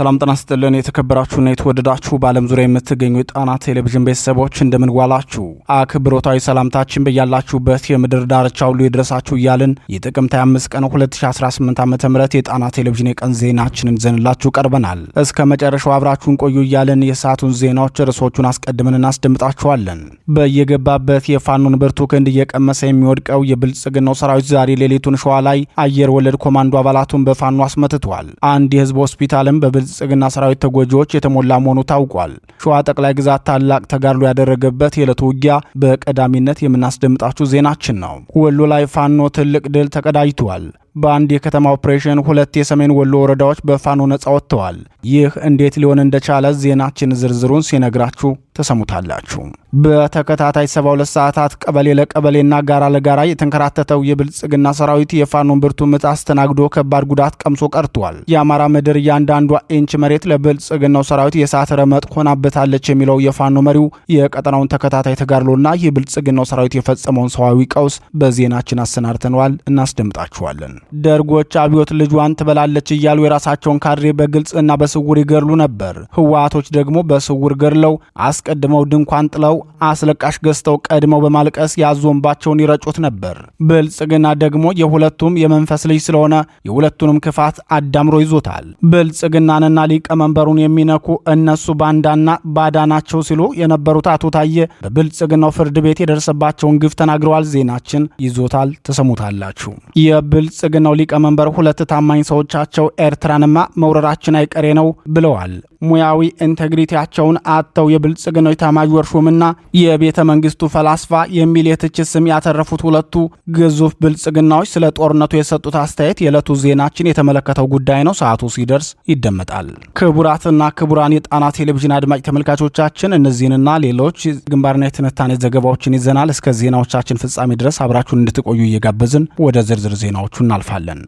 ሰላም ጤና ይስጥልን የተከበራችሁና የተወደዳችሁ በዓለም ዙሪያ የምትገኙ የጣና ቴሌቪዥን ቤተሰቦች ዋላችሁ። አክብሮታዊ ሰላምታችን በያላችሁበት የምድር ዳርቻ ሁሉ ይድረሳችሁ እያልን የጥቅምት 25 ቀን 2018 ዓ ም የጣና ቴሌቪዥን የቀን ዜናችንን ይዘንላችሁ ቀርበናል። እስከ መጨረሻው አብራችሁን ቆዩ እያልን የሰዓቱን ዜናዎች ርዕሶቹን አስቀድመን እናስደምጣችኋለን። በየገባበት የፋኖን ብርቱ ክንድ እየቀመሰ የሚወድቀው የብልጽግናው ሰራዊት ዛሬ ሌሊቱን ሸዋ ላይ አየር ወለድ ኮማንዶ አባላቱን በፋኖ አስመትቷል። አንድ የህዝብ ሆስፒታልም በብል የብልጽግና ሰራዊት ተጎጂዎች የተሞላ መሆኑ ታውቋል። ሸዋ ጠቅላይ ግዛት ታላቅ ተጋድሎ ያደረገበት የዕለቱ ውጊያ በቀዳሚነት የምናስደምጣችሁ ዜናችን ነው። ወሎ ላይ ፋኖ ትልቅ ድል ተቀዳጅቷል። በአንድ የከተማ ኦፕሬሽን ሁለት የሰሜን ወሎ ወረዳዎች በፋኖ ነጻ ወጥተዋል። ይህ እንዴት ሊሆን እንደቻለ ዜናችን ዝርዝሩን ሲነግራችሁ ተሰሙታላችሁ። በተከታታይ 72 ሰዓታት ቀበሌ ለቀበሌና ጋራ ለጋራ የተንከራተተው የብልጽግና ሰራዊት የፋኖን ብርቱ ምት አስተናግዶ ከባድ ጉዳት ቀምሶ ቀርቷል። የአማራ ምድር እያንዳንዷ ኢንች መሬት ለብልጽግናው ሰራዊት የእሳት ረመጥ ሆናበታለች የሚለው የፋኖ መሪው የቀጠናውን ተከታታይ ተጋድሎና የብልጽግናው ሰራዊት የፈጸመውን ሰዋዊ ቀውስ በዜናችን አሰናድተነዋል። እናስደምጣችኋለን። ደርጎች አብዮት ልጇን ትበላለች እያሉ የራሳቸውን ካድሬ በግልጽ እና በስውር ይገድሉ ነበር። ህወሓቶች ደግሞ በስውር ገድለው አስቀድመው ድንኳን ጥለው አስለቃሽ ገዝተው ቀድመው በማልቀስ ያዞንባቸውን ይረጩት ነበር። ብልጽግና ደግሞ የሁለቱም የመንፈስ ልጅ ስለሆነ የሁለቱንም ክፋት አዳምሮ ይዞታል። ብልጽግናንና ሊቀመንበሩን የሚነኩ እነሱ ባንዳና ባዳ ናቸው ሲሉ የነበሩት አቶ ታዬ በብልጽግናው ፍርድ ቤት የደረሰባቸውን ግፍ ተናግረዋል። ዜናችን ይዞታል፣ ተሰሙታላችሁ። የብልጽግናው ሊቀመንበር ሁለት ታማኝ ሰዎቻቸው ኤርትራንማ መውረራችን አይቀሬ ነው ብለዋል። ሙያዊ ኢንቴግሪቲያቸውን አጥተው የብልጽግናው ኤታማዦር ሹምና የቤተ መንግስቱ ፈላስፋ የሚል የትችት ስም ያተረፉት ሁለቱ ግዙፍ ብልጽግናዎች ስለ ጦርነቱ የሰጡት አስተያየት የዕለቱ ዜናችን የተመለከተው ጉዳይ ነው። ሰዓቱ ሲደርስ ይደመጣል። ክቡራትና ክቡራን የጣና ቴሌቪዥን አድማጭ ተመልካቾቻችን እነዚህንና ሌሎች ግንባርና የትንታኔ ዘገባዎችን ይዘናል። እስከ ዜናዎቻችን ፍጻሜ ድረስ አብራችሁን እንድትቆዩ እየጋበዝን ወደ ዝርዝር ዜናዎቹ እናል እናልፋለን።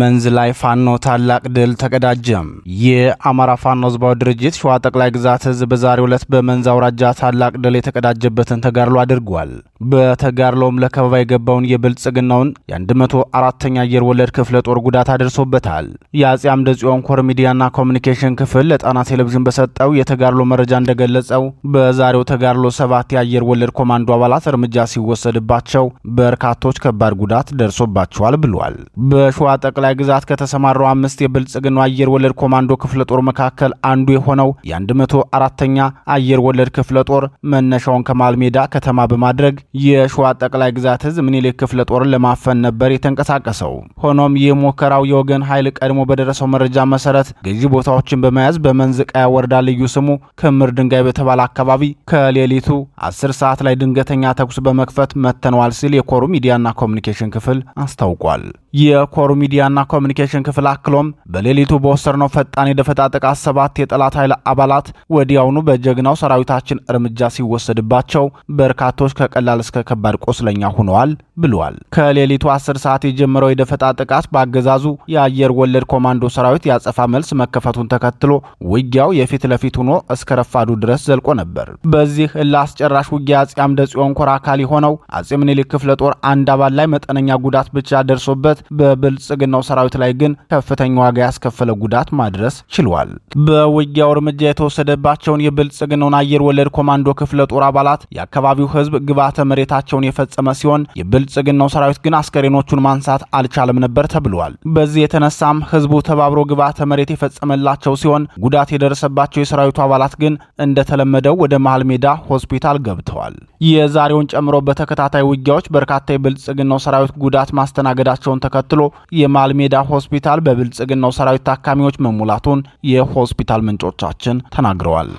መንዝ ላይ ፋኖ ታላቅ ድል ተቀዳጀም። የአማራ ፋኖ ህዝባዊ ድርጅት ሸዋ ጠቅላይ ግዛት ህዝብ በዛሬው ዕለት በመንዝ አውራጃ ታላቅ ድል የተቀዳጀበትን ተጋድሎ አድርጓል። በተጋድሎም ለከበባ የገባውን የብልጽግናውን የ104ኛ አየር ወለድ ክፍለ ጦር ጉዳት አድርሶበታል። የአጼ አምደ ጽዮን ኮር ሚዲያና ኮሚኒኬሽን ክፍል ለጣና ቴሌቪዥን በሰጠው የተጋድሎ መረጃ እንደገለጸው በዛሬው ተጋድሎ ሰባት የአየር ወለድ ኮማንዶ አባላት እርምጃ ሲወሰድባቸው፣ በርካቶች ከባድ ጉዳት ደርሶባቸዋል ብሏል። በሸዋ ጠቅላይ ግዛት ከተሰማሩ አምስት የብልጽግና አየር ወለድ ኮማንዶ ክፍለ ጦር መካከል አንዱ የሆነው የ104ኛ አየር ወለድ ክፍለ ጦር መነሻውን ከማልሜዳ ሜዳ ከተማ በማድረግ የሸዋ ጠቅላይ ግዛት ህዝብ ምኒልክ ክፍለ ጦርን ለማፈን ነበር የተንቀሳቀሰው። ሆኖም ይህ ሙከራው የወገን ኃይል ቀድሞ በደረሰው መረጃ መሰረት ገዢ ቦታዎችን በመያዝ በመንዝቃያ ወረዳ ልዩ ስሙ ክምር ድንጋይ በተባለ አካባቢ ከሌሊቱ 10 ሰዓት ላይ ድንገተኛ ተኩስ በመክፈት መተነዋል ሲል የኮሩ ሚዲያና ኮሚኒኬሽን ክፍል አስታውቋል። የኮሩ ሚዲያና ኮሚኒኬሽን ክፍል አክሎም በሌሊቱ በወሰድነው ፈጣን የደፈጣ ጥቃት ሰባት የጠላት ኃይል አባላት ወዲያውኑ በጀግናው ሰራዊታችን እርምጃ ሲወሰድባቸው በርካቶች ከቀላል እስከ ከባድ ቆስለኛ ሆነዋል ብለዋል። ከሌሊቱ አስር ሰዓት የጀመረው የደፈጣ ጥቃት በአገዛዙ የአየር ወለድ ኮማንዶ ሰራዊት ያጸፋ መልስ መከፈቱን ተከትሎ ውጊያው የፊት ለፊት ሆኖ እስከ ረፋዱ ድረስ ዘልቆ ነበር። በዚህ እልህ አስጨራሽ ውጊያ አጼ አምደ ጽዮን ኮር አካል የሆነው አጼ ምኒልክ ክፍለ ጦር አንድ አባል ላይ መጠነኛ ጉዳት ብቻ ደርሶበት በብልጽግናው ሰራዊት ላይ ግን ከፍተኛ ዋጋ ያስከፈለ ጉዳት ማድረስ ችሏል። በውጊያው እርምጃ የተወሰደባቸውን የብልጽግናውን አየር ወለድ ኮማንዶ ክፍለ ጦር አባላት የአካባቢው ህዝብ ግብዓተ መሬታቸውን የፈጸመ ሲሆን የብልጽግናው ሰራዊት ግን አስከሬኖቹን ማንሳት አልቻለም ነበር ተብሏል። በዚህ የተነሳም ህዝቡ ተባብሮ ግብዓተ መሬት የፈጸመላቸው ሲሆን ጉዳት የደረሰባቸው የሰራዊቱ አባላት ግን እንደተለመደው ወደ መሃል ሜዳ ሆስፒታል ገብተዋል። የዛሬውን ጨምሮ በተከታታይ ውጊያዎች በርካታ የብልጽግናው ሰራዊት ጉዳት ማስተናገዳቸውን ተከትሎ የማልሜዳ ሆስፒታል በብልጽግናው ሰራዊት ታካሚዎች መሙላቱን የሆስፒታል ምንጮቻችን ተናግረዋል።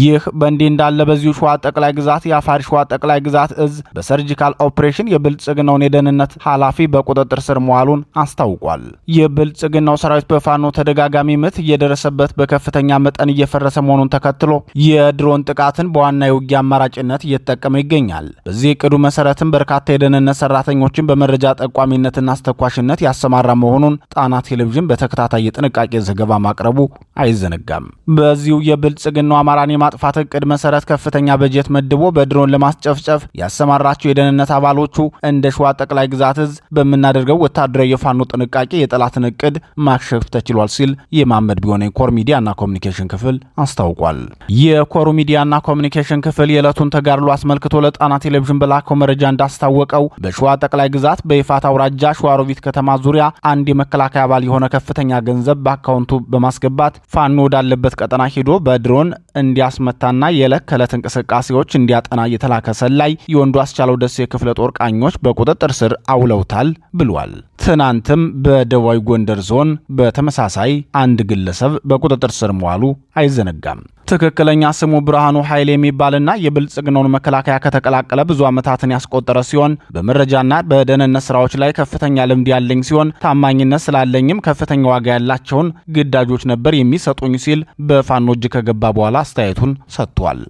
ይህ በእንዲህ እንዳለ በዚሁ ሸዋ ጠቅላይ ግዛት የአፋር ሸዋ ጠቅላይ ግዛት እዝ በሰርጂካል ኦፕሬሽን የብልጽግናውን የደህንነት ኃላፊ በቁጥጥር ስር መዋሉን አስታውቋል። የብልጽግናው ሰራዊት በፋኖ ተደጋጋሚ ምት እየደረሰበት በከፍተኛ መጠን እየፈረሰ መሆኑን ተከትሎ የድሮን ጥቃትን በዋና የውጊያ አማራጭነት እየተጠቀመ ይገኛል። በዚህ እቅዱ መሰረትም በርካታ የደህንነት ሰራተኞችን በመረጃ ጠቋሚነትና አስተኳሽነት ያሰማራ መሆኑን ጣና ቴሌቪዥን በተከታታይ የጥንቃቄ ዘገባ ማቅረቡ አይዘነጋም። በዚሁ የብልጽግናው አማራን የማጥፋት እቅድ መሰረት ከፍተኛ በጀት መድቦ በድሮን ለማስጨፍጨፍ ያሰማራቸው የደህንነት አባሎቹ እንደ ሸዋ ጠቅላይ ግዛት እዝ በምናደርገው ወታደራዊ የፋኖ ጥንቃቄ የጠላትን እቅድ ማክሸፍ ተችሏል ሲል የማመድ ቢሆነ የኮር ሚዲያና ኮሚኒኬሽን ክፍል አስታውቋል። የኮሩ ሚዲያና ኮሚኒኬሽን ክፍል የዕለቱን ተጋድሎ አስመልክቶ ለጣና ቴሌቪዥን በላከው መረጃ እንዳስታወቀው በሸዋ ጠቅላይ ግዛት በይፋት አውራጃ ሸዋሮቢት ከተማ ዙሪያ አንድ የመከላከያ አባል የሆነ ከፍተኛ ገንዘብ በአካውንቱ በማስገባት ፋኖ ወዳለበት ቀጠና ሄዶ በድሮን እንዲያ እንዲያስመታና የዕለት ከዕለት እንቅስቃሴዎች እንዲያጠና እየተላከ ሰላይ የወንዱ አስቻለው ደሴ የክፍለ ጦር ቃኞች በቁጥጥር ስር አውለውታል ብሏል። ትናንትም በደቡባዊ ጎንደር ዞን በተመሳሳይ አንድ ግለሰብ በቁጥጥር ስር መዋሉ አይዘነጋም። ትክክለኛ ስሙ ብርሃኑ ኃይል የሚባልና የብልጽግናውን መከላከያ ከተቀላቀለ ብዙ ዓመታትን ያስቆጠረ ሲሆን በመረጃና በደህንነት ስራዎች ላይ ከፍተኛ ልምድ ያለኝ ሲሆን ታማኝነት ስላለኝም ከፍተኛ ዋጋ ያላቸውን ግዳጆች ነበር የሚሰጡኝ ሲል በፋኖ እጅ ከገባ በኋላ አስተያየቱን ሰጥቷል።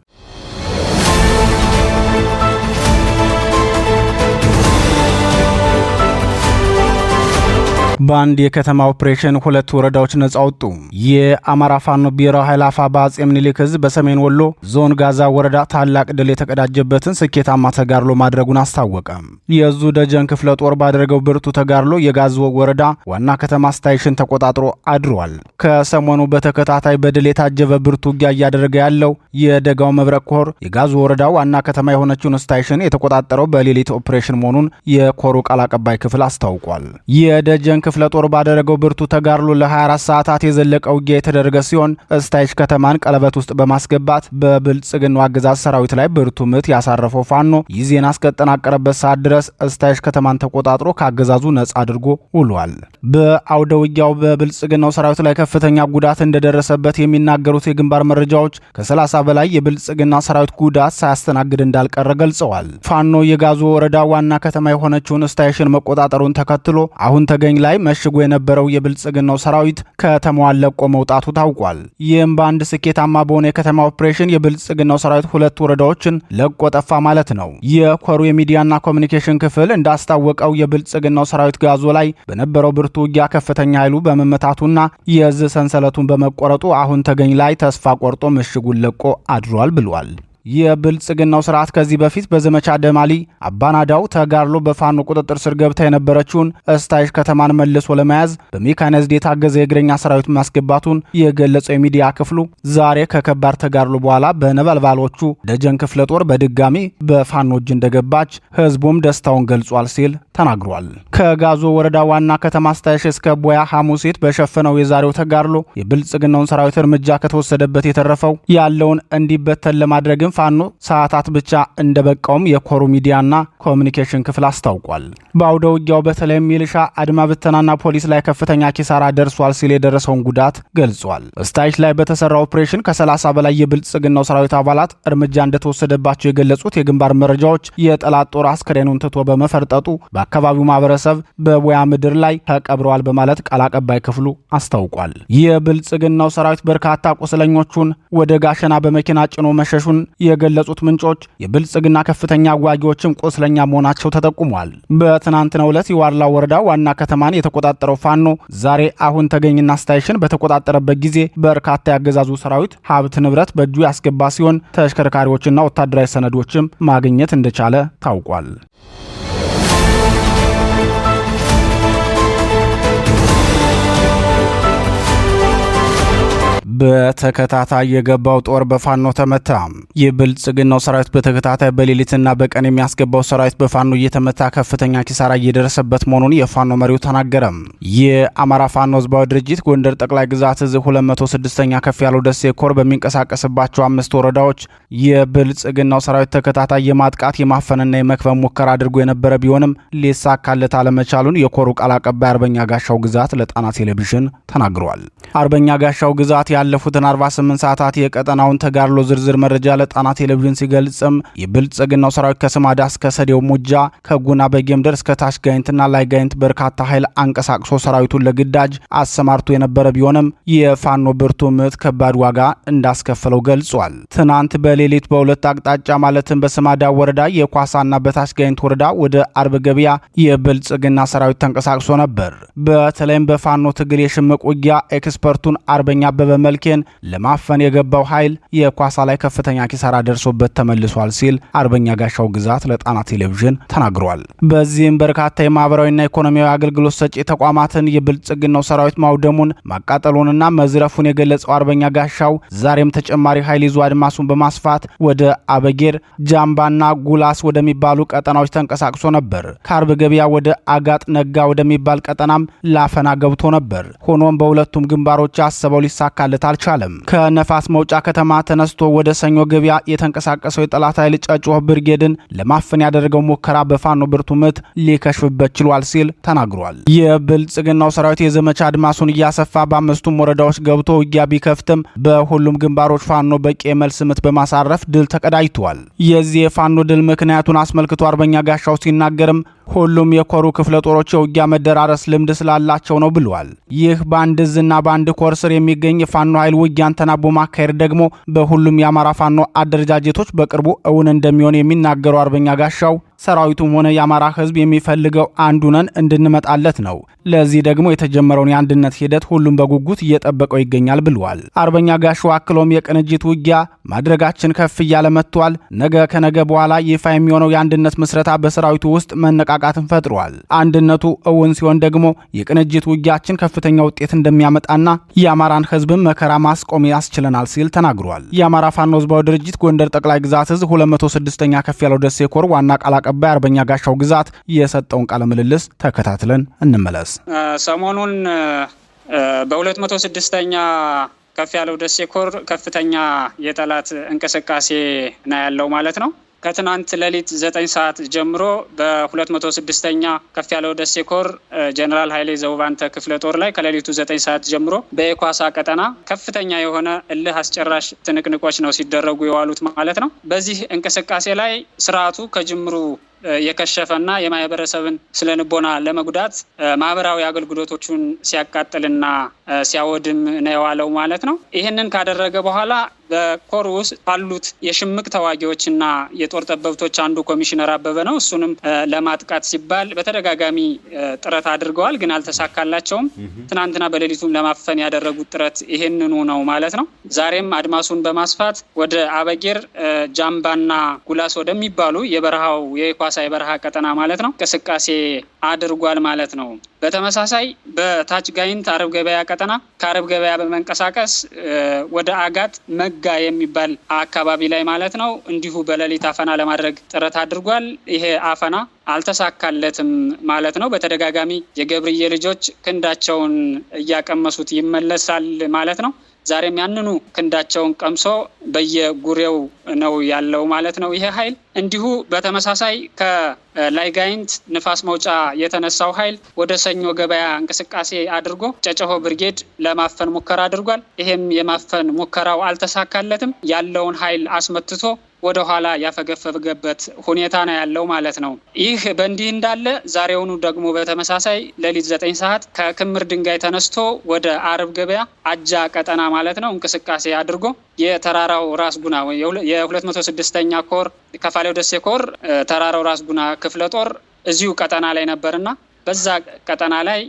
በአንድ የከተማ ኦፕሬሽን ሁለት ወረዳዎች ነጻ ወጡ። የአማራ ፋኖ ብሔራዊ ኃይል አፋባ አጼ ምኒልክ ህዝብ በሰሜን ወሎ ዞን ጋዛ ወረዳ ታላቅ ድል የተቀዳጀበትን ስኬታማ ተጋድሎ ማድረጉን አስታወቀ። የዙ ደጀን ክፍለ ጦር ባደረገው ብርቱ ተጋድሎ የጋዝ ወረዳ ዋና ከተማ ስታይሽን ተቆጣጥሮ አድሯል። ከሰሞኑ በተከታታይ በድል የታጀበ ብርቱ ውጊያ እያደረገ ያለው የደጋው መብረቅ ኮር የጋዝ ወረዳ ዋና ከተማ የሆነችውን ስታይሽን የተቆጣጠረው በሌሊት ኦፕሬሽን መሆኑን የኮሩ ቃል አቀባይ ክፍል አስታውቋል። የደጀን ክፍለ ጦር ባደረገው ብርቱ ተጋድሎ ለ24 ሰዓታት የዘለቀ ውጊያ የተደረገ ሲሆን እስታይች ከተማን ቀለበት ውስጥ በማስገባት በብልጽግናው አገዛዝ ሰራዊት ላይ ብርቱ ምት ያሳረፈው ፋኖ ይህ ዜና እስከጠናቀረበት ሰዓት ድረስ እስታይች ከተማን ተቆጣጥሮ ከአገዛዙ ነጻ አድርጎ ውሏል። በአውደ ውጊያው በብልጽግናው ሰራዊት ላይ ከፍተኛ ጉዳት እንደደረሰበት የሚናገሩት የግንባር መረጃዎች ከ30 በላይ የብልጽግና ሰራዊት ጉዳት ሳያስተናግድ እንዳልቀረ ገልጸዋል። ፋኖ የጋዞ ወረዳ ዋና ከተማ የሆነችውን እስታይሽን መቆጣጠሩን ተከትሎ አሁን ተገኝ ላይ መሽጎ የነበረው የብልጽግናው ሰራዊት ከተማዋን ለቆ መውጣቱ ታውቋል። ይህም በአንድ ስኬታማ በሆነ የከተማ ኦፕሬሽን የብልጽግናው ሰራዊት ሁለት ወረዳዎችን ለቆ ጠፋ ማለት ነው። የኮሩ የሚዲያና ኮሚኒኬሽን ክፍል እንዳስታወቀው የብልጽግናው ሰራዊት ጋዞ ላይ በነበረው ብርቱ ውጊያ ከፍተኛ ኃይሉ በመመታቱና የእዝ ሰንሰለቱን በመቆረጡ አሁን ተገኝ ላይ ተስፋ ቆርጦ ምሽጉን ለቆ አድሯል ብሏል። የብልጽግናው ስርዓት ከዚህ በፊት በዘመቻ ደማሊ አባናዳው ተጋድሎ በፋኖ ቁጥጥር ስር ገብታ የነበረችውን እስታይሽ ከተማን መልሶ ለመያዝ በሜካናይዝድ የታገዘ የእግረኛ ሰራዊት ማስገባቱን የገለጸው የሚዲያ ክፍሉ ዛሬ ከከባድ ተጋድሎ በኋላ በነበልባሎቹ ደጀን ክፍለ ጦር በድጋሚ በፋኖ እጅ እንደገባች ህዝቡም ደስታውን ገልጿል ሲል ተናግሯል። ከጋዞ ወረዳ ዋና ከተማ እስታይሽ እስከ ቦያ ሐሙሴት በሸፈነው የዛሬው ተጋድሎ የብልጽግናውን ሰራዊት እርምጃ ከተወሰደበት የተረፈው ያለውን እንዲበተን ለማድረግም ለዚህም ፋኖ ሰዓታት ብቻ እንደበቃውም የኮሩ ሚዲያና ኮሚኒኬሽን ክፍል አስታውቋል። በአውደ ውጊያው በተለይም ሚልሻ አድማ ብተናና ፖሊስ ላይ ከፍተኛ ኪሳራ ደርሷል ሲል የደረሰውን ጉዳት ገልጿል። እስታይሽ ላይ በተሰራ ኦፕሬሽን ከ30 በላይ የብልጽግናው ሰራዊት አባላት እርምጃ እንደተወሰደባቸው የገለጹት የግንባር መረጃዎች የጠላት ጦር አስከሬኑን ትቶ በመፈርጠጡ በአካባቢው ማህበረሰብ በቦያ ምድር ላይ ተቀብረዋል በማለት ቃል አቀባይ ክፍሉ አስታውቋል። የብልጽግናው ሰራዊት በርካታ ቁስለኞቹን ወደ ጋሸና በመኪና ጭኖ መሸሹን የገለጹት ምንጮች የብልጽግና ከፍተኛ አዋጊዎችም ቁስለኛ መሆናቸው ተጠቁሟል። በትናንትናው ዕለት የዋርላ ወረዳ ዋና ከተማን የተቆጣጠረው ፋኖ ዛሬ አሁን ተገኝና ስታይሽን በተቆጣጠረበት ጊዜ በርካታ ያገዛዙ ሰራዊት ሀብት ንብረት በእጁ ያስገባ ሲሆን ተሽከርካሪዎችና ወታደራዊ ሰነዶችም ማግኘት እንደቻለ ታውቋል። በተከታታይ የገባው ጦር በፋኖ ተመታ። የብልጽግናው ሰራዊት በተከታታይ በሌሊትና በቀን የሚያስገባው ሰራዊት በፋኖ እየተመታ ከፍተኛ ኪሳራ እየደረሰበት መሆኑን የፋኖ መሪው ተናገረ። የአማራ ፋኖ ህዝባዊ ድርጅት ጎንደር ጠቅላይ ግዛት እዝ 26 ኛ ከፍ ያለው ደሴ ኮር በሚንቀሳቀስባቸው አምስት ወረዳዎች የብልጽግናው ሰራዊት ተከታታይ የማጥቃት የማፈንና የመክበብ ሙከራ አድርጎ የነበረ ቢሆንም ሊሳካለት አለመቻሉን የኮሩ ቃል አቀባይ አርበኛ ጋሻው ግዛት ለጣና ቴሌቪዥን ተናግሯል። አርበኛ ጋሻው ግዛት ያለ ያለፉትን 48 ሰዓታት የቀጠናውን ተጋድሎ ዝርዝር መረጃ ለጣና ቴሌቪዥን ሲገልጽም የብልጽግናው ሰራዊት ከስማዳ እስከ ሰዴው ሙጃ፣ ከጉና በጌምደር እስከ ታች ጋይንትና ላይ ጋይንት በርካታ ኃይል አንቀሳቅሶ ሰራዊቱን ለግዳጅ አሰማርቶ የነበረ ቢሆንም የፋኖ ብርቱ ምት ከባድ ዋጋ እንዳስከፈለው ገልጿል። ትናንት በሌሊት በሁለት አቅጣጫ ማለትም በስማዳ ወረዳ የኳሳና በታች ጋይንት ወረዳ ወደ አርብ ገበያ የብልጽግና ሰራዊት ተንቀሳቅሶ ነበር። በተለይም በፋኖ ትግል የሽምቅ ውጊያ ኤክስፐርቱን አርበኛ አበበ መልክ ሻኪን ለማፈን የገባው ኃይል የኳሳ ላይ ከፍተኛ ኪሳራ ደርሶበት ተመልሷል ሲል አርበኛ ጋሻው ግዛት ለጣና ቴሌቪዥን ተናግሯል። በዚህም በርካታ የማህበራዊና ኢኮኖሚያዊ አገልግሎት ሰጪ ተቋማትን የብልጽግናው ሰራዊት ማውደሙን ማቃጠሉንና መዝረፉን የገለጸው አርበኛ ጋሻው ዛሬም ተጨማሪ ኃይል ይዞ አድማሱን በማስፋት ወደ አበጌር ጃምባና ጉላስ ወደሚባሉ ቀጠናዎች ተንቀሳቅሶ ነበር። ከአርብ ገበያ ወደ አጋጥ ነጋ ወደሚባል ቀጠናም ላፈና ገብቶ ነበር። ሆኖም በሁለቱም ግንባሮች አሰበው ሊሳካለት ማምለጥ አልቻለም። ከነፋስ መውጫ ከተማ ተነስቶ ወደ ሰኞ ገበያ የተንቀሳቀሰው የጠላት ኃይል ጨጮህ ብርጌድን ለማፈን ያደረገው ሙከራ በፋኖ ብርቱ ምት ሊከሽፍበት ችሏል ሲል ተናግሯል። የብልጽግናው ሰራዊት የዘመቻ አድማሱን እያሰፋ በአምስቱም ወረዳዎች ገብቶ ውጊያ ቢከፍትም በሁሉም ግንባሮች ፋኖ በቂ የመልስ ምት በማሳረፍ ድል ተቀዳጅቷል። የዚህ የፋኖ ድል ምክንያቱን አስመልክቶ አርበኛ ጋሻው ሲናገርም ሁሉም የኮሩ ክፍለ ጦሮች የውጊያ መደራረስ ልምድ ስላላቸው ነው ብሏል። ይህ በአንድ እዝና በአንድ ኮር ስር የሚገኝ የፋኖ ኃይል ውጊያን ተናቦ ማካሄድ ደግሞ በሁሉም የአማራ ፋኖ አደረጃጀቶች በቅርቡ እውን እንደሚሆን የሚናገረው አርበኛ ጋሻው ሰራዊቱም ሆነ የአማራ ህዝብ የሚፈልገው ነን እንድንመጣለት ነው። ለዚህ ደግሞ የተጀመረውን የአንድነት ሂደት ሁሉም በጉጉት እየጠበቀው ይገኛል ብለዋል። አርበኛ ጋሹ አክሎም የቅንጅት ውጊያ ማድረጋችን ከፍ እያለ መጥቷል። ነገ ከነገ በኋላ ይፋ የሚሆነው የአንድነት ምስረታ በሰራዊቱ ውስጥ መነቃቃትን ፈጥሯል። አንድነቱ እውን ሲሆን ደግሞ የቅንጅት ውጊያችን ከፍተኛ ውጤት እንደሚያመጣና የአማራን ህዝብን መከራ ማስቆም ያስችለናል ሲል ተናግሯል። የአማራ ፋኖ ህዝባዊ ድርጅት ጎንደር ጠቅላይ ግዛት እዝ 206ኛ ከፍ ያለው ደሴ ኮር ዋና ቃል ተቀባይ አርበኛ ጋሻው ግዛት የሰጠውን ቃለ ምልልስ ተከታትለን እንመለስ። ሰሞኑን በሁለት መቶ ስድስተኛ ከፍ ያለው ደሴ ኮር ከፍተኛ የጠላት እንቅስቃሴ ና ያለው ማለት ነው። ከትናንት ሌሊት ዘጠኝ ሰዓት ጀምሮ በ206ኛ ከፍ ያለው ደሴ ኮር ጀኔራል ኃይሌ ዘውባንተ ክፍለ ጦር ላይ ከሌሊቱ ዘጠኝ ሰዓት ጀምሮ በኤኳሳ ቀጠና ከፍተኛ የሆነ እልህ አስጨራሽ ትንቅንቆች ነው ሲደረጉ የዋሉት ማለት ነው። በዚህ እንቅስቃሴ ላይ ስርዓቱ ከጅምሩ የከሸፈና የማህበረሰብን ስነልቦና ለመጉዳት ማህበራዊ አገልግሎቶቹን ሲያቃጥልና ሲያወድም ነው የዋለው ማለት ነው። ይህንን ካደረገ በኋላ በኮር ውስጥ ባሉት የሽምቅ ተዋጊዎችና የጦር ጠበብቶች አንዱ ኮሚሽነር አበበ ነው። እሱንም ለማጥቃት ሲባል በተደጋጋሚ ጥረት አድርገዋል፣ ግን አልተሳካላቸውም። ትናንትና በሌሊቱም ለማፈን ያደረጉት ጥረት ይህንኑ ነው ማለት ነው። ዛሬም አድማሱን በማስፋት ወደ አበጌር ጃምባና ጉላስ ወደሚባሉ የበረሃው የኳስ በራሳ በረሃ ቀጠና ማለት ነው እንቅስቃሴ አድርጓል ማለት ነው። በተመሳሳይ በታች ጋይንት አረብ ገበያ ቀጠና ከአረብ ገበያ በመንቀሳቀስ ወደ አጋት መጋ የሚባል አካባቢ ላይ ማለት ነው እንዲሁ በሌሊት አፈና ለማድረግ ጥረት አድርጓል። ይሄ አፈና አልተሳካለትም ማለት ነው። በተደጋጋሚ የገብርዬ ልጆች ክንዳቸውን እያቀመሱት ይመለሳል ማለት ነው። ዛሬም ያንኑ ክንዳቸውን ቀምሶ በየጉሬው ነው ያለው ማለት ነው ይሄ ኃይል። እንዲሁ በተመሳሳይ ከላይጋይንት ንፋስ መውጫ የተነሳው ኃይል ወደ ሰኞ ገበያ እንቅስቃሴ አድርጎ ጨጨሆ ብርጌድ ለማፈን ሙከራ አድርጓል። ይሄም የማፈን ሙከራው አልተሳካለትም። ያለውን ኃይል አስመትቶ ወደኋላ ያፈገፈገበት ሁኔታ ነው ያለው ማለት ነው። ይህ በእንዲህ እንዳለ ዛሬውኑ ደግሞ በተመሳሳይ ሌሊት ዘጠኝ ሰዓት ከክምር ድንጋይ ተነስቶ ወደ አርብ ገበያ አጃ ቀጠና ማለት ነው እንቅስቃሴ አድርጎ የተራራው ራስ ጉና የ206ኛ ኮር ከፋሌው ደሴ ኮር ተራራው ራስ ጉና ክፍለ ጦር እዚሁ ቀጠና ላይ ነበርና በዛ ቀጠና ላይ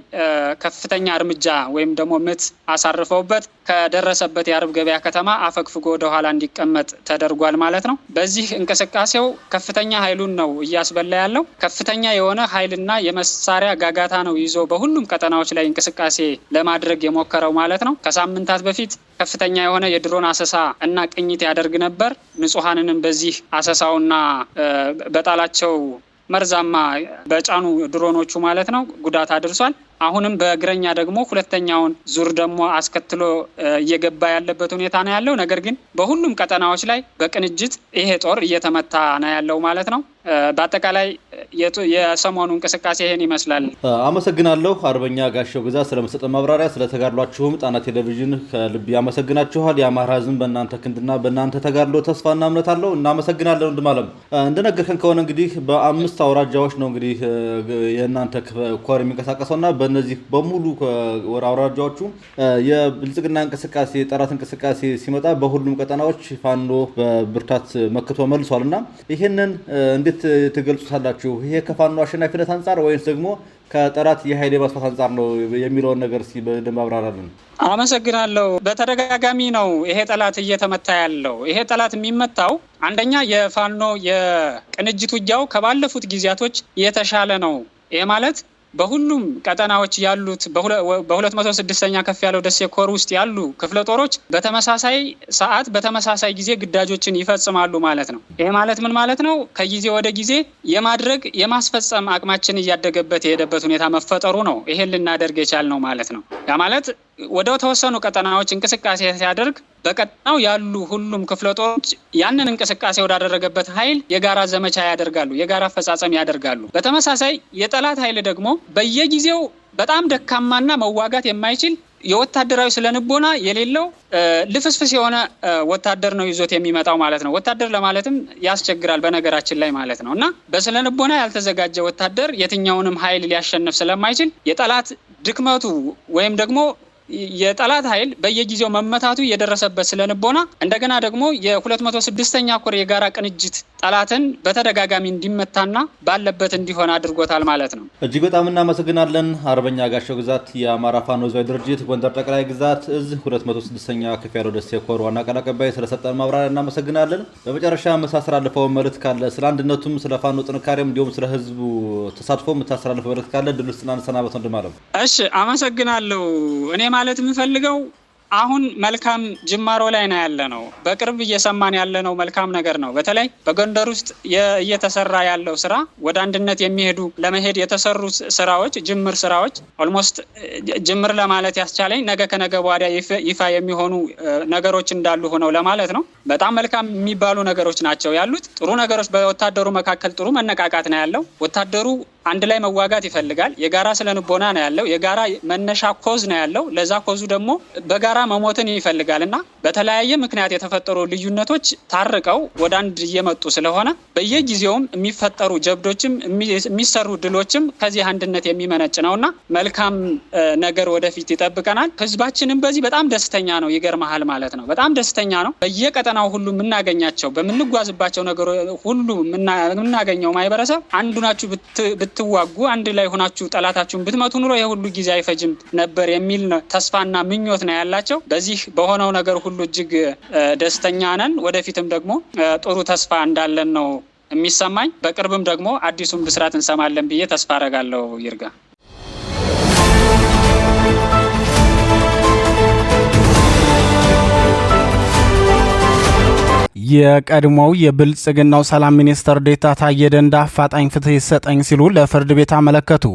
ከፍተኛ እርምጃ ወይም ደግሞ ምት አሳርፈውበት ከደረሰበት የአርብ ገበያ ከተማ አፈግፍጎ ወደኋላ እንዲቀመጥ ተደርጓል ማለት ነው። በዚህ እንቅስቃሴው ከፍተኛ ኃይሉን ነው እያስበላ ያለው። ከፍተኛ የሆነ ኃይልና የመሳሪያ ጋጋታ ነው ይዞ በሁሉም ቀጠናዎች ላይ እንቅስቃሴ ለማድረግ የሞከረው ማለት ነው። ከሳምንታት በፊት ከፍተኛ የሆነ የድሮን አሰሳ እና ቅኝት ያደርግ ነበር። ንጹሐንንም በዚህ አሰሳውና በጣላቸው መርዛማ በጫኑ ድሮኖቹ ማለት ነው ጉዳት አድርሷል። አሁንም በእግረኛ ደግሞ ሁለተኛውን ዙር ደግሞ አስከትሎ እየገባ ያለበት ሁኔታ ነው ያለው። ነገር ግን በሁሉም ቀጠናዎች ላይ በቅንጅት ይሄ ጦር እየተመታ ነው ያለው ማለት ነው። በአጠቃላይ የሰሞኑ እንቅስቃሴ ይህን ይመስላል። አመሰግናለሁ አርበኛ ጋሻው ግዛ ስለመሰጠ ማብራሪያ፣ ስለተጋድሏችሁም ጣና ቴሌቪዥን ከልብ ያመሰግናችኋል። የአማራ ሕዝብ በእናንተ ክንድና በእናንተ ተጋድሎ ተስፋና እምነት አለው። እናመሰግናለን ወንድም አለም። እንደነገርከን ከሆነ እንግዲህ በአምስት አውራጃዎች ነው እንግዲህ የእናንተ ኮር የሚንቀሳቀሰውና በእነዚህ በሙሉ አውራጃዎቹ የብልጽግና እንቅስቃሴ የጠራት እንቅስቃሴ ሲመጣ በሁሉም ቀጠናዎች ፋኖ በብርታት መክቶ መልሷል እና ይህንን እንዴት ትገልጹታላችሁ? ይሄ ከፋኖ አሸናፊነት አንጻር ወይስ ደግሞ ከጠላት የኃይል የማስፋት አንጻር ነው የሚለውን ነገር እስኪ በደንብ አመሰግናለሁ። በተደጋጋሚ ነው ይሄ ጠላት እየተመታ ያለው። ይሄ ጠላት የሚመታው አንደኛ የፋኖ የቅንጅት ውጊያው ከባለፉት ጊዜያቶች የተሻለ ነው። ይሄ ማለት በሁሉም ቀጠናዎች ያሉት በሁለት መቶ ስድስተኛ ከፍ ያለው ደሴ ኮር ውስጥ ያሉ ክፍለ ጦሮች በተመሳሳይ ሰዓት በተመሳሳይ ጊዜ ግዳጆችን ይፈጽማሉ ማለት ነው። ይሄ ማለት ምን ማለት ነው? ከጊዜ ወደ ጊዜ የማድረግ የማስፈጸም አቅማችን እያደገበት የሄደበት ሁኔታ መፈጠሩ ነው። ይሄን ልናደርግ የቻልነው ማለት ነው። ያ ማለት ወደ ተወሰኑ ቀጠናዎች እንቅስቃሴ ሲያደርግ በቀጠናው ያሉ ሁሉም ክፍለ ጦሮች ያንን እንቅስቃሴ ወዳደረገበት ኃይል የጋራ ዘመቻ ያደርጋሉ፣ የጋራ አፈጻጸም ያደርጋሉ። በተመሳሳይ የጠላት ኃይል ደግሞ በየጊዜው በጣም ደካማና መዋጋት የማይችል የወታደራዊ ስለንቦና የሌለው ልፍስፍስ የሆነ ወታደር ነው ይዞት የሚመጣው ማለት ነው። ወታደር ለማለትም ያስቸግራል በነገራችን ላይ ማለት ነው እና በስለንቦና ያልተዘጋጀ ወታደር የትኛውንም ኃይል ሊያሸንፍ ስለማይችል የጠላት ድክመቱ ወይም ደግሞ የጠላት ኃይል በየጊዜው መመታቱ የደረሰበት ስለንቦና እንደገና ደግሞ የ206ኛ ኮር የጋራ ቅንጅት ጠላትን በተደጋጋሚ እንዲመታና ባለበት እንዲሆን አድርጎታል ማለት ነው። እጅግ በጣም እናመሰግናለን አርበኛ ጋሻው ግዛት፣ የአማራ ፋኖ ህዝባዊ ድርጅት ጎንደር ጠቅላይ ግዛት እዝ 26 ኛ ክፍለ ጦር ደሴ ኮር ዋና ቃል አቀባይ ስለሰጠን ማብራሪያ እናመሰግናለን። በመጨረሻ የምታስተላልፈው መልእክት ካለ ስለ አንድነቱም ስለ ፋኖ ጥንካሬም እንዲሁም ስለ ህዝቡ ተሳትፎ የምታስተላልፈው መልእክት ካለ ድል ውስጥ እናንሰናበት ወንድም አለም። እሺ አመሰግናለሁ። እኔ ማለት የምፈልገው አሁን መልካም ጅማሮ ላይ ነው ያለ ነው። በቅርብ እየሰማን ያለ ነው መልካም ነገር ነው። በተለይ በጎንደር ውስጥ እየተሰራ ያለው ስራ ወደ አንድነት የሚሄዱ ለመሄድ የተሰሩ ስራዎች ጅምር ስራዎች ኦልሞስት ጅምር ለማለት ያስቻለኝ ነገ ከነገ በኋላ ይፋ የሚሆኑ ነገሮች እንዳሉ ሆነው ለማለት ነው። በጣም መልካም የሚባሉ ነገሮች ናቸው ያሉት። ጥሩ ነገሮች በወታደሩ መካከል ጥሩ መነቃቃት ነው ያለው። ወታደሩ አንድ ላይ መዋጋት ይፈልጋል። የጋራ ስነ ልቦና ነው ያለው። የጋራ መነሻ ኮዝ ነው ያለው። ለዛ ኮዙ ደግሞ በጋራ መሞትን ይፈልጋል እና በተለያየ ምክንያት የተፈጠሩ ልዩነቶች ታርቀው ወደ አንድ እየመጡ ስለሆነ በየጊዜውም የሚፈጠሩ ጀብዶችም የሚሰሩ ድሎችም ከዚህ አንድነት የሚመነጭ ነው እና መልካም ነገር ወደፊት ይጠብቀናል። ህዝባችንም በዚህ በጣም ደስተኛ ነው። ይገርመሃል ማለት ነው። በጣም ደስተኛ ነው። በየቀጠናው ሁሉ የምናገኛቸው በምንጓዝባቸው ነገሮች ሁሉ የምናገኘው ማህበረሰብ አንዱ ናችሁ ብትዋጉ አንድ ላይ ሆናችሁ ጠላታችሁን ብትመቱ ኑሮ የሁሉ ጊዜ አይፈጅም ነበር የሚል ተስፋና ምኞት ነው ያላቸው። በዚህ በሆነው ነገር ሁሉ እጅግ ደስተኛ ነን። ወደፊትም ደግሞ ጥሩ ተስፋ እንዳለን ነው የሚሰማኝ። በቅርብም ደግሞ አዲሱን ብስራት እንሰማለን ብዬ ተስፋ አረጋለሁ ይርጋ የቀድሞው የብልጽግናው ሰላም ሚኒስትር ዴታ ታዬ ደንዳ አፋጣኝ ፍትህ ይሰጠኝ ሲሉ ለፍርድ ቤት አመለከቱ።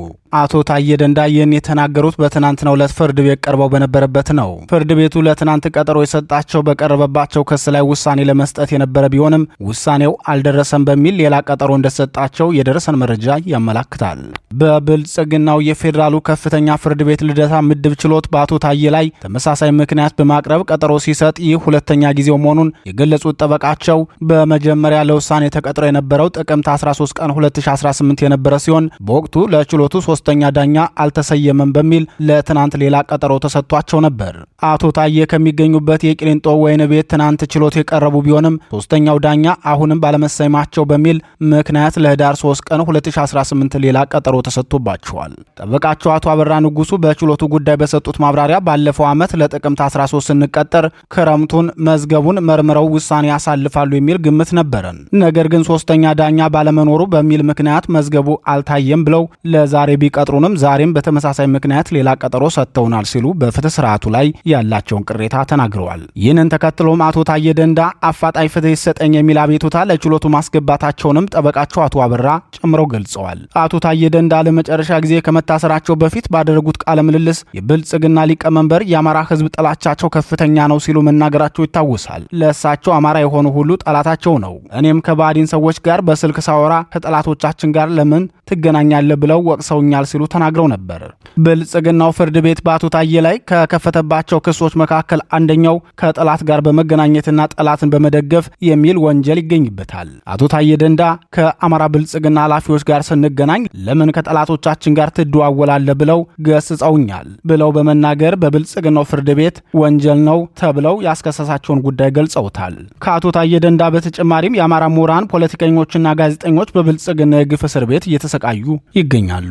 አቶ ታየ ደንዳ ይህን የተናገሩት በትናንትና ዕለት ፍርድ ቤት ቀርበው በነበረበት ነው። ፍርድ ቤቱ ለትናንት ቀጠሮ የሰጣቸው በቀረበባቸው ክስ ላይ ውሳኔ ለመስጠት የነበረ ቢሆንም ውሳኔው አልደረሰም በሚል ሌላ ቀጠሮ እንደሰጣቸው የደረሰን መረጃ ያመላክታል። በብልጽግናው የፌዴራሉ ከፍተኛ ፍርድ ቤት ልደታ ምድብ ችሎት በአቶ ታዬ ላይ ተመሳሳይ ምክንያት በማቅረብ ቀጠሮ ሲሰጥ ይህ ሁለተኛ ጊዜው መሆኑን የገለጹት ጠበቃቸው በመጀመሪያ ለውሳኔ ተቀጥሮ የነበረው ጥቅምት 13 ቀን 2018 የነበረ ሲሆን በወቅቱ ለችሎቱ ሶስተኛ ዳኛ አልተሰየመም በሚል ለትናንት ሌላ ቀጠሮ ተሰጥቷቸው ነበር። አቶ ታዬ ከሚገኙበት የቂሊንጦ ወይን ቤት ትናንት ችሎት የቀረቡ ቢሆንም ሶስተኛው ዳኛ አሁንም ባለመሰየማቸው በሚል ምክንያት ለህዳር 3 ቀን 2018 ሌላ ቀጠሮ ተሰጥቶባቸዋል። ጠበቃቸው አቶ አበራ ንጉሱ በችሎቱ ጉዳይ በሰጡት ማብራሪያ ባለፈው ዓመት ለጥቅምት 13 ስንቀጠር ክረምቱን መዝገቡን መርምረው ውሳኔ ያሳልፋሉ የሚል ግምት ነበረን። ነገር ግን ሶስተኛ ዳኛ ባለመኖሩ በሚል ምክንያት መዝገቡ አልታየም ብለው ለዛሬ ቢቀጥሩንም ዛሬም በተመሳሳይ ምክንያት ሌላ ቀጠሮ ሰጥተውናል ሲሉ በፍትህ ስርዓቱ ላይ ያላቸውን ቅሬታ ተናግረዋል። ይህንን ተከትሎም አቶ ታዬ ደንዳ አፋጣኝ ፍትህ ይሰጠኝ የሚል አቤቱታ ለችሎቱ ማስገባታቸውንም ጠበቃቸው አቶ አበራ ጨምረው ገልጸዋል። አቶ ታዬ ደንዳ ለመጨረሻ ጊዜ ከመታሰራቸው በፊት ባደረጉት ቃለ ምልልስ የብልጽግና ሊቀመንበር የአማራ ህዝብ ጠላቻቸው ከፍተኛ ነው ሲሉ መናገራቸው ይታወሳል። ለእሳቸው አማራ የሆኑ ሁሉ ጠላታቸው ነው። እኔም ከባዲን ሰዎች ጋር በስልክ ሳወራ ከጠላቶቻችን ጋር ለምን ትገናኛለህ ብለው ወቅሰውኛ ይገኛል ሲሉ ተናግረው ነበር። ብልጽግናው ፍርድ ቤት በአቶ ታዬ ላይ ከከፈተባቸው ክሶች መካከል አንደኛው ከጠላት ጋር በመገናኘትና ጠላትን በመደገፍ የሚል ወንጀል ይገኝበታል። አቶ ታዬ ደንዳ ከአማራ ብልጽግና ኃላፊዎች ጋር ስንገናኝ ለምን ከጠላቶቻችን ጋር ትደዋወላለ ብለው ገስጸውኛል ብለው በመናገር በብልጽግናው ፍርድ ቤት ወንጀል ነው ተብለው ያስከሰሳቸውን ጉዳይ ገልጸውታል። ከአቶ ታዬ ደንዳ በተጨማሪም የአማራ ምሁራን፣ ፖለቲከኞችና ጋዜጠኞች በብልጽግና የግፍ እስር ቤት እየተሰቃዩ ይገኛሉ።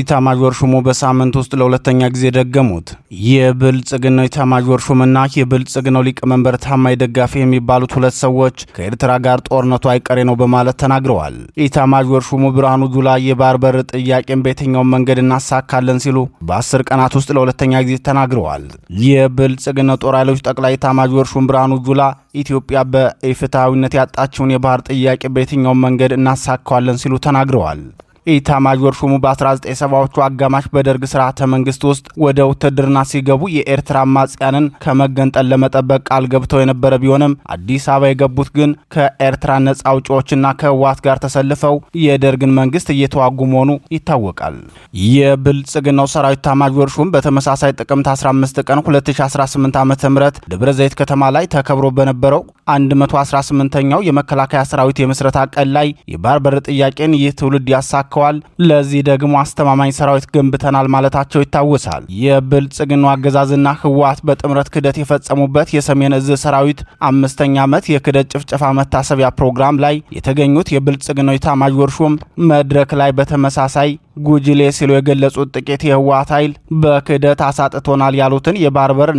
ኢታማዦር ሹሙ በሳምንት ውስጥ ለሁለተኛ ጊዜ ደገሙት። የብልጽግናው ኢታማዦር ሹምና የብልጽግናው ሊቀመንበር ታማኝ ደጋፊ የሚባሉት ሁለት ሰዎች ከኤርትራ ጋር ጦርነቱ አይቀሬ ነው በማለት ተናግረዋል። ኢታማዦር ሹሙ ብርሃኑ ጁላ የባህር በር ጥያቄን በየትኛውም መንገድ እናሳካለን ሲሉ በአስር ቀናት ውስጥ ለሁለተኛ ጊዜ ተናግረዋል። የብልጽግናው ጦር ኃይሎች ጠቅላይ ኢታማዦር ሹም ብርሃኑ ጁላ ኢትዮጵያ በኢፍትሐዊነት ያጣችውን የባህር ጥያቄ በየትኛውም መንገድ እናሳካዋለን ሲሉ ተናግረዋል። ኢታማዦር ሹሙ በ1970ዎቹ አጋማሽ በደርግ ስርዓተ መንግስት ውስጥ ወደ ውትድርና ሲገቡ የኤርትራ አማጽያንን ከመገንጠል ለመጠበቅ ቃል ገብተው የነበረ ቢሆንም አዲስ አበባ የገቡት ግን ከኤርትራ ነጻ አውጪዎችና ከህወሓት ጋር ተሰልፈው የደርግን መንግስት እየተዋጉ መሆኑ ይታወቃል። የብልጽግናው ሰራዊት ኢታማዦር ሹም በተመሳሳይ ጥቅምት 15 ቀን 2018 ዓ ም ደብረ ዘይት ከተማ ላይ ተከብሮ በነበረው 118ኛው የመከላከያ ሰራዊት የምስረታ ቀን ላይ የባህር በር ጥያቄን ይህ ትውልድ ያሳከዋል። ለዚህ ደግሞ አስተማማኝ ሰራዊት ገንብተናል ማለታቸው ይታወሳል። የብልጽግናው አገዛዝና ህወሓት በጥምረት ክደት የፈጸሙበት የሰሜን እዝ ሰራዊት አምስተኛ ዓመት የክደት ጭፍጨፋ መታሰቢያ ፕሮግራም ላይ የተገኙት የብልጽግናው ኢታማዦር ሹም መድረክ ላይ በተመሳሳይ ጉጅሌ ሲሉ የገለጹት ጥቂት የህወሓት ኃይል በክደት አሳጥቶናል ያሉትን የባህር በር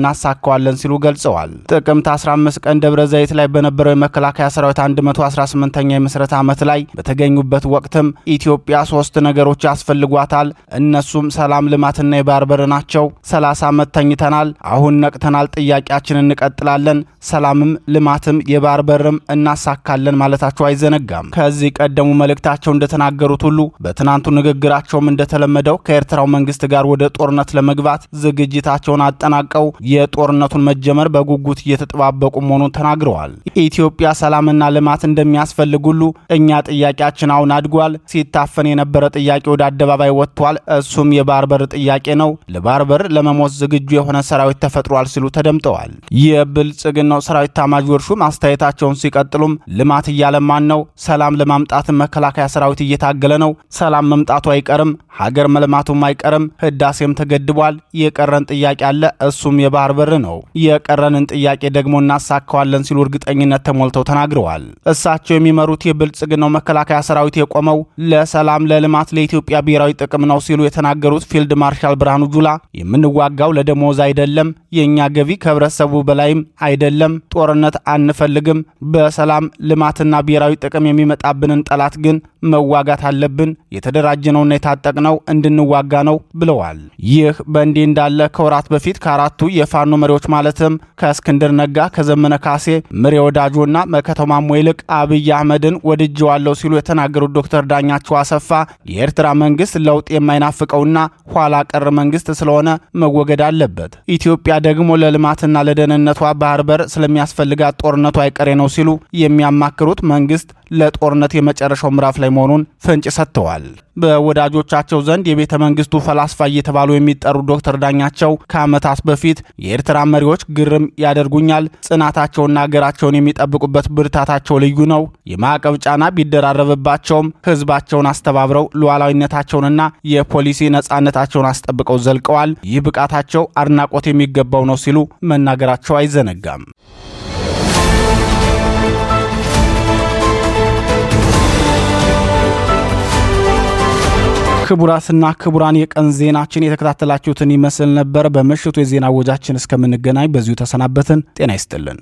ሲሉ ገልጸዋል። ጥቅምት 15 ቀን ደብረ ዘይት ላይ ላይ በነበረው የመከላከያ ሰራዊት 118ኛ የምስረት ዓመት ላይ በተገኙበት ወቅትም ኢትዮጵያ ሶስት ነገሮች ያስፈልጓታል። እነሱም ሰላም፣ ልማትና የባህር በር ናቸው። 30 ዓመት ተኝተናል። አሁን ነቅተናል። ጥያቄያችንን እንቀጥላለን። ሰላምም ልማትም የባህር በርም እናሳካለን ማለታቸው አይዘነጋም። ከዚህ ቀደሙ መልእክታቸው እንደተናገሩት ሁሉ በትናንቱ ንግግራቸውም እንደተለመደው ከኤርትራው መንግስት ጋር ወደ ጦርነት ለመግባት ዝግጅታቸውን አጠናቀው የጦርነቱን መጀመር በጉጉት እየተጠባበቁ መሆኑን ተናግረዋል። ተናግረዋል። ኢትዮጵያ ሰላምና ልማት እንደሚያስፈልግ ሁሉ እኛ ጥያቄያችን አሁን አድጓል። ሲታፈን የነበረ ጥያቄ ወደ አደባባይ ወጥቷል። እሱም የባህር በር ጥያቄ ነው። ለባህር በር ለመሞት ዝግጁ የሆነ ሰራዊት ተፈጥሯል ሲሉ ተደምጠዋል። የብልጽግናው ሰራዊት ኤታማዦር ሹም አስተያየታቸውን ሲቀጥሉም ልማት እያለማን ነው፣ ሰላም ለማምጣትን መከላከያ ሰራዊት እየታገለ ነው። ሰላም መምጣቱ አይቀርም፣ ሀገር መልማቱም አይቀርም። ህዳሴም ተገድቧል። የቀረን ጥያቄ አለ፣ እሱም የባህር በር ነው። የቀረንን ጥያቄ ደግሞ እናሳካዋለን ሲሉ እርግጠኝነት ተሞልተው ተናግረዋል። እሳቸው የሚመሩት የብልጽግናው መከላከያ ሰራዊት የቆመው ለሰላም፣ ለልማት፣ ለኢትዮጵያ ብሔራዊ ጥቅም ነው ሲሉ የተናገሩት ፊልድ ማርሻል ብርሃኑ ጁላ የምንዋጋው ለደሞዝ አይደለም፣ የእኛ ገቢ ከህብረተሰቡ በላይም አይደለም፣ ጦርነት አንፈልግም፣ በሰላም ልማትና ብሔራዊ ጥቅም የሚመጣብንን ጠላት ግን መዋጋት አለብን፣ የተደራጀነውና የታጠቅነው እንድንዋጋ ነው ብለዋል። ይህ በእንዲህ እንዳለ ከወራት በፊት ከአራቱ የፋኖ መሪዎች ማለትም ከእስክንድር ነጋ፣ ከዘመነ ካሴ መሪ ወዳጆና መከተማሞ ይልቅ አብይ አህመድን ወድጄዋለሁ ሲሉ የተናገሩት ዶክተር ዳኛቸው አሰፋ የኤርትራ መንግስት ለውጥ የማይናፍቀውና ኋላ ቀር መንግስት ስለሆነ መወገድ አለበት፣ ኢትዮጵያ ደግሞ ለልማትና ለደህንነቷ ባህር በር ስለሚያስፈልጋት ጦርነቱ አይቀሬ ነው ሲሉ የሚያማክሩት መንግስት ለጦርነት የመጨረሻው ምዕራፍ ላይ መሆኑን ፍንጭ ሰጥተዋል። በወዳጆቻቸው ዘንድ የቤተ መንግስቱ ፈላስፋ እየተባሉ የሚጠሩ ዶክተር ዳኛቸው ከዓመታት በፊት የኤርትራ መሪዎች ግርም ያደርጉኛል፣ ጽናታቸውና ሀገራቸውን የሚጠብቁበት ብርታታቸው ልዩ ነው፣ የማዕቀብ ጫና ቢደራረብባቸውም ህዝባቸውን አስተባብረው ሉዓላዊነታቸውንና የፖሊሲ ነጻነታቸውን አስጠብቀው ዘልቀዋል። ይህ ብቃታቸው አድናቆት የሚገባው ነው ሲሉ መናገራቸው አይዘነጋም። ክቡራትና ክቡራን የቀን ዜናችን የተከታተላችሁትን ይመስል ነበር። በምሽቱ የዜና ወጃችን እስከምንገናኝ በዚሁ ተሰናበትን። ጤና ይስጥልን።